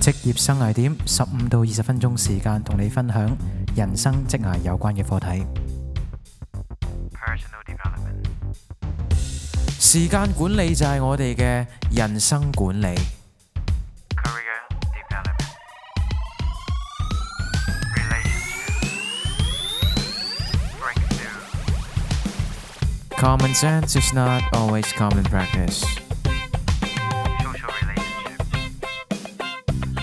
職業生涯點，十五到二十分鐘時間，同你分享人生職涯有關嘅課題。時間管理就係我哋嘅人生管理。Common sense is not always common practice。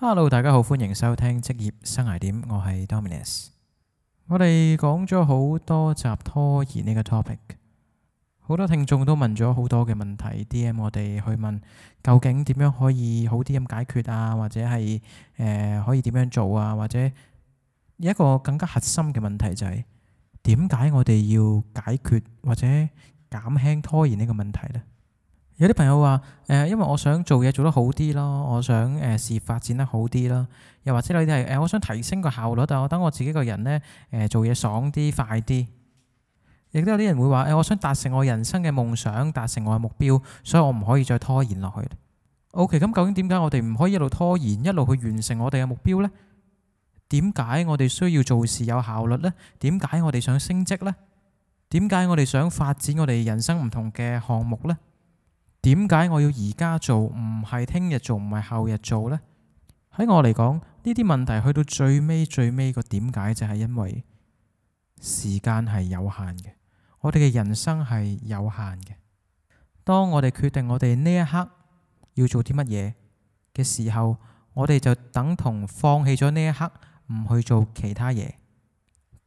Hello，大家好，歡迎收聽職業生涯點，我係 Dominus。我哋講咗好多集拖延呢個 topic，好多聽眾都問咗好多嘅問題，DM 我哋去問究竟點樣可以好啲咁解決啊？或者係誒、呃、可以點樣做啊？或者有一個更加核心嘅問題就係點解我哋要解決或者減輕拖延呢個問題呢？有啲朋友話誒，因為我想做嘢做得好啲咯，我想誒事業發展得好啲咯，又或者你哋係誒，我想提升個效率，但我等我自己個人呢誒做嘢爽啲快啲。亦都有啲人會話誒，我想達成我人生嘅夢想，達成我嘅目標，所以我唔可以再拖延落去。OK，咁究竟點解我哋唔可以一路拖延，一路去完成我哋嘅目標呢？點解我哋需要做事有效率呢？點解我哋想升職呢？點解我哋想發展我哋人生唔同嘅項目呢？點解我要而家做，唔係聽日做，唔係後日做呢？喺我嚟講，呢啲問題去到最尾最尾個點解，就係因為時間係有限嘅，我哋嘅人生係有限嘅。當我哋決定我哋呢一刻要做啲乜嘢嘅時候，我哋就等同放棄咗呢一刻唔去做其他嘢。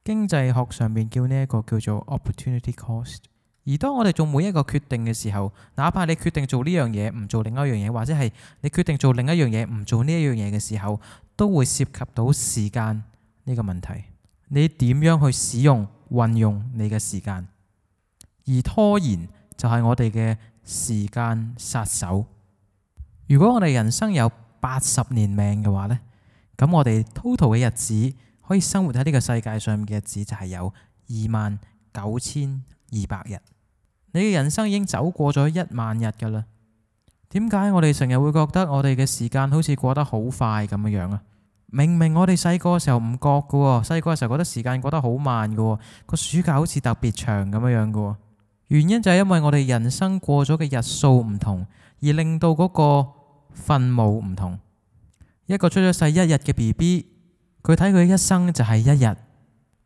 經濟學上面叫呢一個叫做 opportunity cost。而當我哋做每一個決定嘅時候，哪怕你決定做呢樣嘢，唔做另一樣嘢，或者係你決定做另一樣嘢，唔做呢一樣嘢嘅時候，都會涉及到時間呢個問題。你點樣去使用、運用你嘅時間？而拖延就係我哋嘅時間殺手。如果我哋人生有八十年命嘅話呢，咁我哋 total 嘅日子可以生活喺呢個世界上面嘅日子就係有二萬九千二百日。你嘅人生已經走過咗一萬日噶啦，點解我哋成日會覺得我哋嘅時間好似過得好快咁樣樣啊？明明我哋細個嘅時候唔覺噶喎，細個嘅時候覺得時間過得好慢噶喎，個暑假好似特別長咁樣樣噶喎。原因就係因為我哋人生過咗嘅日數唔同，而令到嗰個分母唔同。一個出咗世一日嘅 BB，佢睇佢一生就係一日，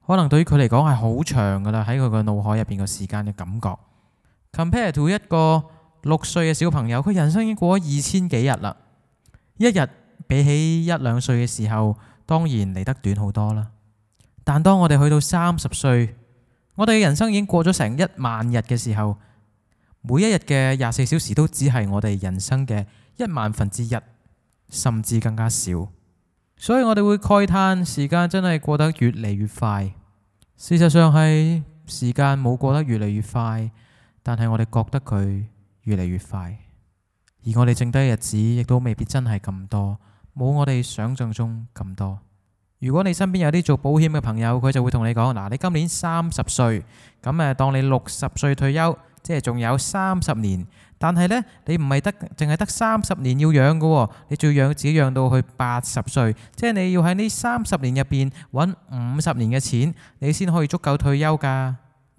可能對於佢嚟講係好長噶啦。喺佢個腦海入邊個時間嘅感覺。Compare to 一個六歲嘅小朋友，佢人生已經過咗二千幾日啦。一日比起一兩歲嘅時候，當然嚟得短好多啦。但當我哋去到三十歲，我哋嘅人生已經過咗成一萬日嘅時候，每一日嘅廿四小時都只係我哋人生嘅一萬分之一，甚至更加少。所以我哋會慨嘆時間真係過得越嚟越快。事實上係時間冇過得越嚟越快。但係我哋覺得佢越嚟越快，而我哋剩低嘅日子亦都未必真係咁多，冇我哋想象中咁多。如果你身邊有啲做保險嘅朋友，佢就會同你講：嗱，你今年三十歲，咁啊，當你六十歲退休，即係仲有三十年。但係呢，你唔係得淨係得三十年要養嘅，你仲要養自己養到去八十歲，即係你要喺呢三十年入邊揾五十年嘅錢，你先可以足夠退休噶。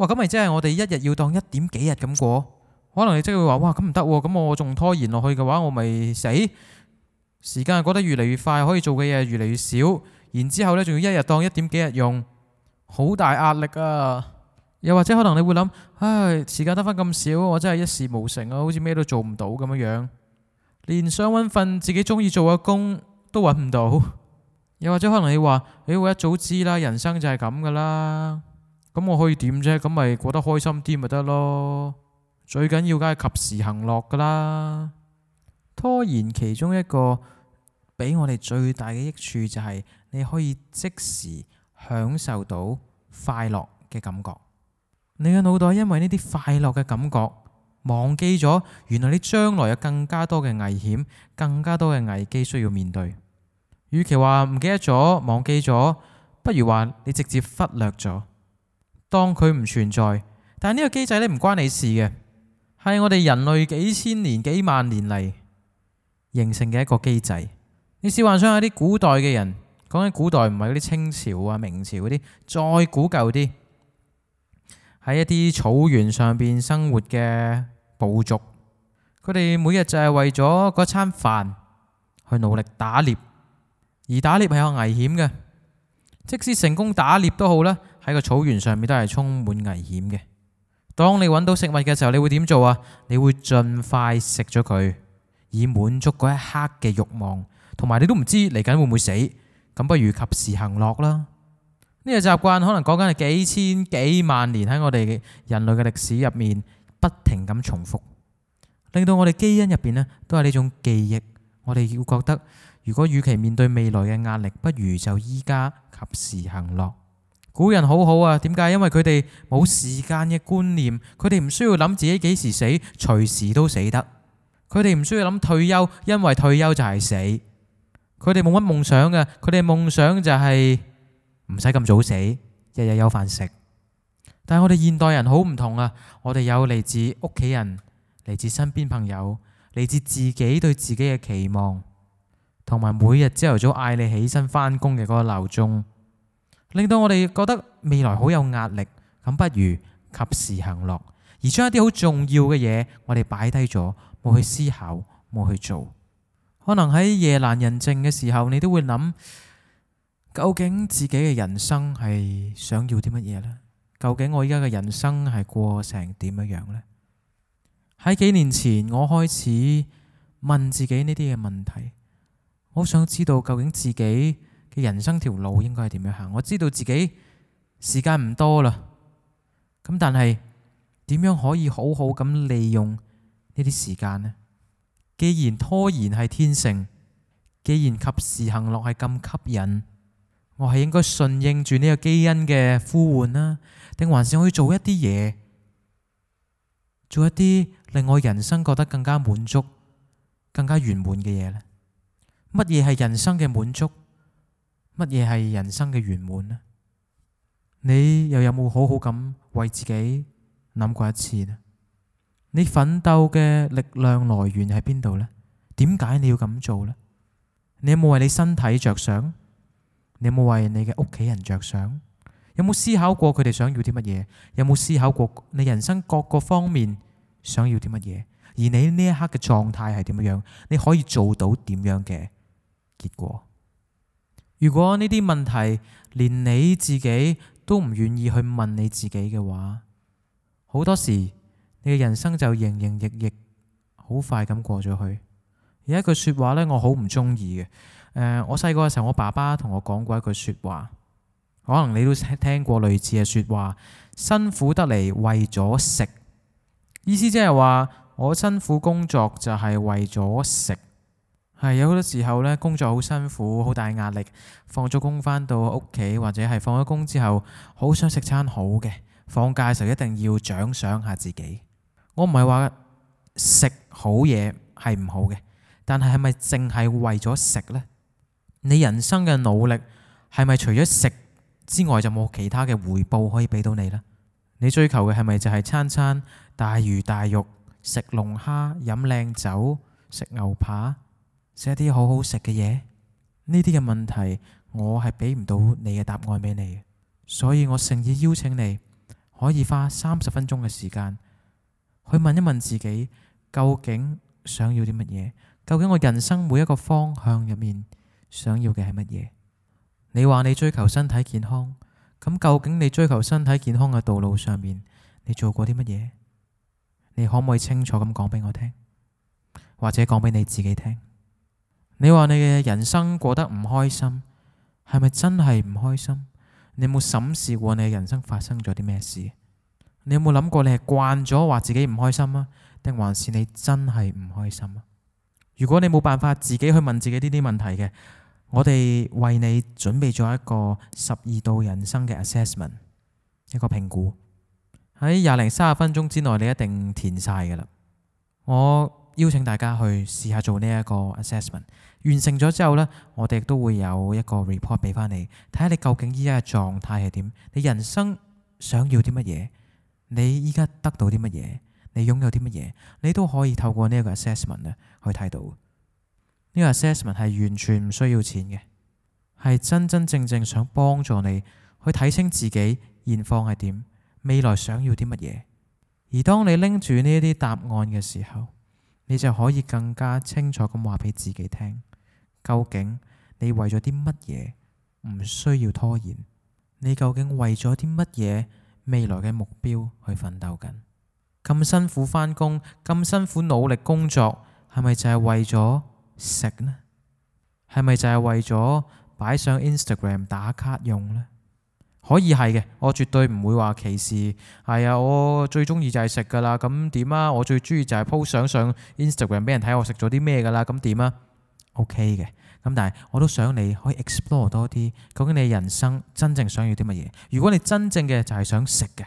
咁咪即係我哋一日要當一點幾日咁過，可能你即係會話哇咁唔得，咁我仲拖延落去嘅話，我咪死。時間係覺得越嚟越快，可以做嘅嘢越嚟越少，然之後呢仲要一日當一點幾日用，好大壓力啊！又或者可能你會諗，唉，時間得翻咁少，我真係一事無成啊，好似咩都做唔到咁樣樣，連想搵份自己中意做嘅工都搵唔到。又或者可能你話，你會一早知啦，人生就係咁噶啦。咁我可以點啫？咁咪過得開心啲咪得咯。最緊要梗係及時行樂㗎啦。拖延其中一個俾我哋最大嘅益處就係你可以即時享受到快樂嘅感覺。你嘅腦袋因為呢啲快樂嘅感覺，忘記咗原來你將來有更加多嘅危險、更加多嘅危機需要面對。與其話唔記得咗、忘記咗，不如話你直接忽略咗。當佢唔存在，但係呢個機制呢唔關你事嘅，係我哋人類幾千年、幾萬年嚟形成嘅一個機制。你試幻想下啲古代嘅人，講緊古代唔係嗰啲清朝啊、明朝嗰啲，再古舊啲，喺一啲草原上邊生活嘅部族，佢哋每日就係為咗嗰餐飯去努力打獵，而打獵係有危險嘅，即使成功打獵都好啦。喺個草原上面都係充滿危險嘅。當你揾到食物嘅時候，你會點做啊？你會盡快食咗佢，以滿足嗰一刻嘅欲望，同埋你都唔知嚟緊會唔會死，咁不如及時行樂啦。呢個習慣可能講緊係幾千幾萬年喺我哋人類嘅歷史入面不停咁重複，令到我哋基因入邊呢都係呢種記憶。我哋要覺得，如果與其面對未來嘅壓力，不如就依家及時行樂。古人好好啊，點解？因為佢哋冇時間嘅觀念，佢哋唔需要諗自己幾時死，隨時都死得。佢哋唔需要諗退休，因為退休就係死。佢哋冇乜夢想嘅，佢哋夢想就係唔使咁早死，日日有飯食。但係我哋現代人好唔同啊，我哋有嚟自屋企人、嚟自身邊朋友、嚟自自己對自己嘅期望，同埋每日朝頭早嗌你起身翻工嘅嗰個鬧鐘。令到我哋覺得未來好有壓力，咁不如及時行樂，而將一啲好重要嘅嘢，我哋擺低咗，冇去思考，冇去做。可能喺夜闌人靜嘅時候，你都會諗，究竟自己嘅人生係想要啲乜嘢呢？究竟我依家嘅人生係過成點樣呢？喺幾年前，我開始問自己呢啲嘅問題，我好想知道究竟自己嘅人生條路應該係點樣行？我知道自己時間唔多啦，咁但係點樣可以好好咁利用呢啲時間呢？既然拖延係天性，既然及時行樂係咁吸引，我係應該順應住呢個基因嘅呼喚啦，定還是我要做一啲嘢，做一啲令我人生覺得更加滿足、更加圓滿嘅嘢呢？乜嘢係人生嘅滿足？乜嘢係人生嘅圓滿呢？你又有冇好好咁為自己諗過一次呢？你奮鬥嘅力量來源喺邊度呢？點解你要咁做呢？你有冇為你身體着想？你有冇為你嘅屋企人着想？有冇思考過佢哋想要啲乜嘢？有冇思考過你人生各個方面想要啲乜嘢？而你呢一刻嘅狀態係點樣？你可以做到點樣嘅結果？如果呢啲問題連你自己都唔願意去問你自己嘅話，好多時你嘅人生就營營役役，好快咁過咗去。有一句説話呢，呃，我好唔中意嘅。我細個嘅時候，我爸爸同我講過一句説話，可能你都聽過類似嘅説話。辛苦得嚟為咗食，意思即係話我辛苦工作就係為咗食。係有好多時候咧，工作好辛苦，好大壓力。放咗工翻到屋企，或者係放咗工之後，好想食餐好嘅。放假時候一定要獎賞下自己。我唔係話食好嘢係唔好嘅，但係係咪淨係為咗食呢？你人生嘅努力係咪除咗食之外就冇其他嘅回報可以俾到你呢？你追求嘅係咪就係餐餐大魚大肉，食龍蝦，飲靚酒，食牛扒？寫啲好好食嘅嘢，呢啲嘅問題我係俾唔到你嘅答案俾你。所以我誠意邀請你可以花三十分鐘嘅時間去問一問自己究竟想要啲乜嘢？究竟我人生每一個方向入面想要嘅係乜嘢？你話你追求身體健康，咁究竟你追求身體健康嘅道路上面你做過啲乜嘢？你可唔可以清楚咁講俾我聽，或者講俾你自己聽？你話你嘅人生過得唔開心，係咪真係唔開心？你有冇審視過你嘅人生發生咗啲咩事？你有冇諗過你係慣咗話自己唔開心啊？定還是你真係唔開心啊？如果你冇辦法自己去問自己呢啲問題嘅，我哋為你準備咗一個十二度人生嘅 assessment，一個評估。喺廿零三十分鐘之內，你一定填晒㗎喇。我邀請大家去試下做呢一個 assessment。完成咗之後呢，我哋都會有一個 report 俾翻你，睇下你究竟依家嘅狀態係點，你人生想要啲乜嘢，你依家得到啲乜嘢，你擁有啲乜嘢，你都可以透過呢一個 assessment 去睇到。呢個 assessment 係完全唔需要錢嘅，係真真正正想幫助你去睇清自己現況係點，未來想要啲乜嘢。而當你拎住呢一啲答案嘅時候，你就可以更加清楚咁話俾自己聽。究竟你為咗啲乜嘢唔需要拖延？你究竟為咗啲乜嘢未來嘅目標去奮鬥緊？咁辛苦翻工，咁辛苦努力工作，係咪就係為咗食呢？係咪就係為咗擺上 Instagram 打卡用呢？可以係嘅，我絕對唔會話歧視。係啊，我最中意就係食噶啦。咁點啊？我最中意就係 po 相上 Instagram 俾人睇，我食咗啲咩噶啦？咁點啊？O K 嘅，咁、okay、但係我都想你可以 explore 多啲，究竟你人生真正想要啲乜嘢？如果你真正嘅就係想食嘅，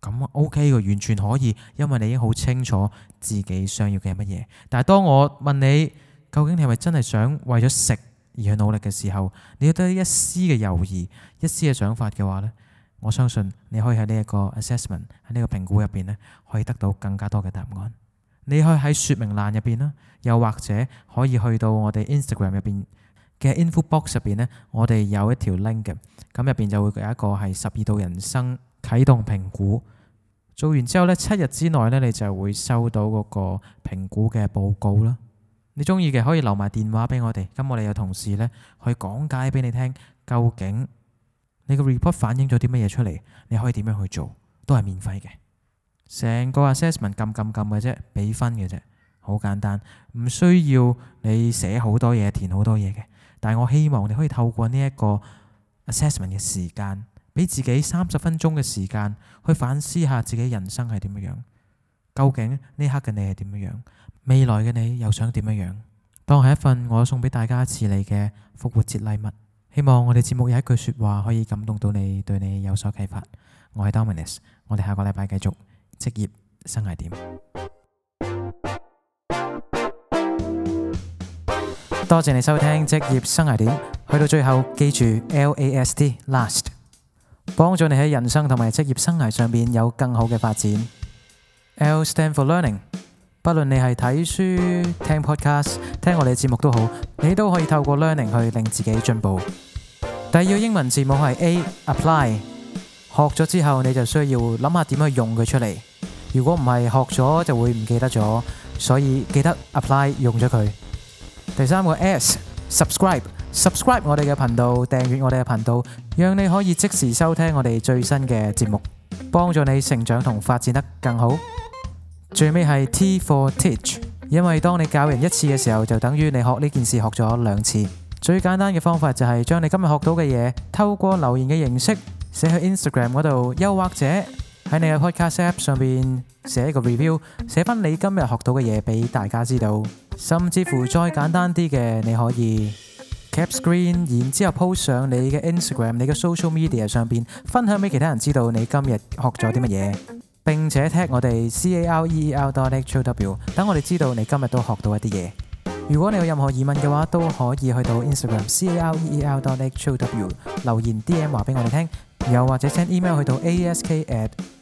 咁 O K 嘅，完全可以，因為你已經好清楚自己想要嘅係乜嘢。但係當我問你究竟你係咪真係想為咗食而去努力嘅時候，你都有一絲嘅猶豫、一絲嘅想法嘅話呢，我相信你可以喺呢一個 assessment 喺呢個評估入邊呢，可以得到更加多嘅答案。你可以喺說明欄入邊啦，又或者可以去到我哋 Instagram 入邊嘅 Info Box 入邊呢。我哋有一條 link 嘅，咁入邊就會有一個係十二度人生啟動評估，做完之後呢，七日之內呢，你就會收到嗰個評估嘅報告啦。你中意嘅可以留埋電話俾我哋，咁我哋有同事呢去講解俾你聽，究竟你個 report 反映咗啲乜嘢出嚟，你可以點樣去做，都係免費嘅。成個 assessment 撳撳撳嘅啫，俾分嘅啫，好簡單，唔需要你寫好多嘢，填好多嘢嘅。但係我希望你可以透過呢一個 assessment 嘅時間，俾自己三十分鐘嘅時間去反思下自己人生係點樣，究竟呢刻嘅你係點樣樣，未來嘅你又想點樣樣。當係一份我送俾大家一次你嘅復活節禮物，希望我哋節目有一句説話可以感動到你，對你有所啟發。我係 Dominus，我哋下個禮拜繼續。職業生涯點？多謝你收聽職業生涯點。去到最後，記住 L A S T Last，幫助你喺人生同埋職業生涯上面有更好嘅發展。L stand for learning，不論你係睇書、聽 podcast、聽我哋嘅節目都好，你都可以透過 learning 去令自己進步。第二英文字母係 A apply，學咗之後你就需要諗下點去用佢出嚟。如果唔係學咗就會唔記得咗，所以記得 apply 用咗佢。第三個 S，subscribe，subscribe 我哋嘅頻道，訂閱我哋嘅頻道，讓你可以即時收聽我哋最新嘅節目，幫助你成長同發展得更好。最尾係 T for Teach，因為當你教人一次嘅時候，就等於你學呢件事學咗兩次。最簡單嘅方法就係將你今日學到嘅嘢透過留言嘅形式寫去 Instagram 嗰度，又或者。喺你嘅 Podcast App 上邊寫一個 review，寫翻你今日學到嘅嘢，俾大家知道。甚至乎再簡單啲嘅，你可以 cap screen，然之後 post 上你嘅 Instagram、你嘅 social media 上邊分享俾其他人知道你今日學咗啲乜嘢，並且 tag 我哋 c a r e e r dot h o w，等我哋知道你今日都學到一啲嘢。如果你有任何疑問嘅話，都可以去到 Instagram c a r e e r dot h o w 留言 D M 話俾我哋聽，又或者 send email 去到 a s k at。